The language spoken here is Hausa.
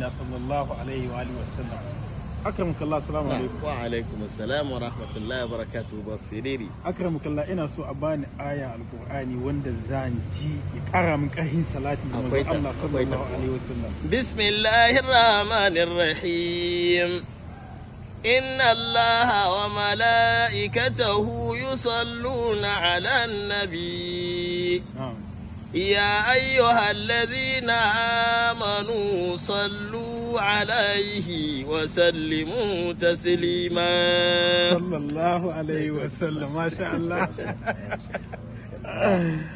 rasulina akram kallah ina so a bani aya alqur'ani wanda zan ji ya kara min karhin salati da manzon Allah sallallahu alaihi wasallam bismillahir rahmanir إن الله وملائكته يصلون على النبي يا أيها الذين آمنوا صلوا عليه وسلموا تسليما صلى الله عليه وسلم ما شاء الله